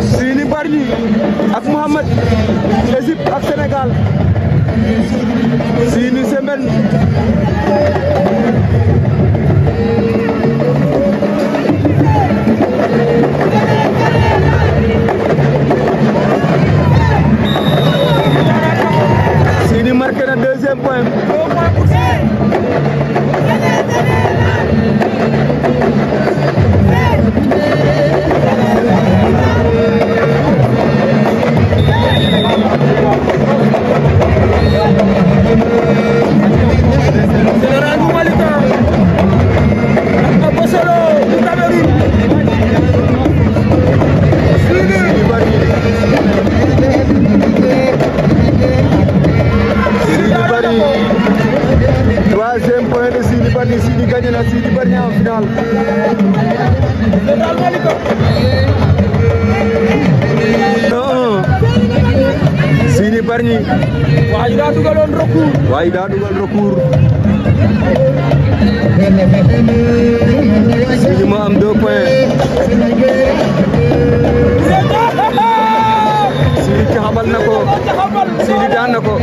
Sini Bargny ak Mohamed Égypte ak Sénégal Sini Semen. Seny marqué na deuxième point Oh, oh. ni Sidi waa ji daa dugaloon recours. waa ji daa dugal recours. ma am deux points. Sidi caxabal na ko.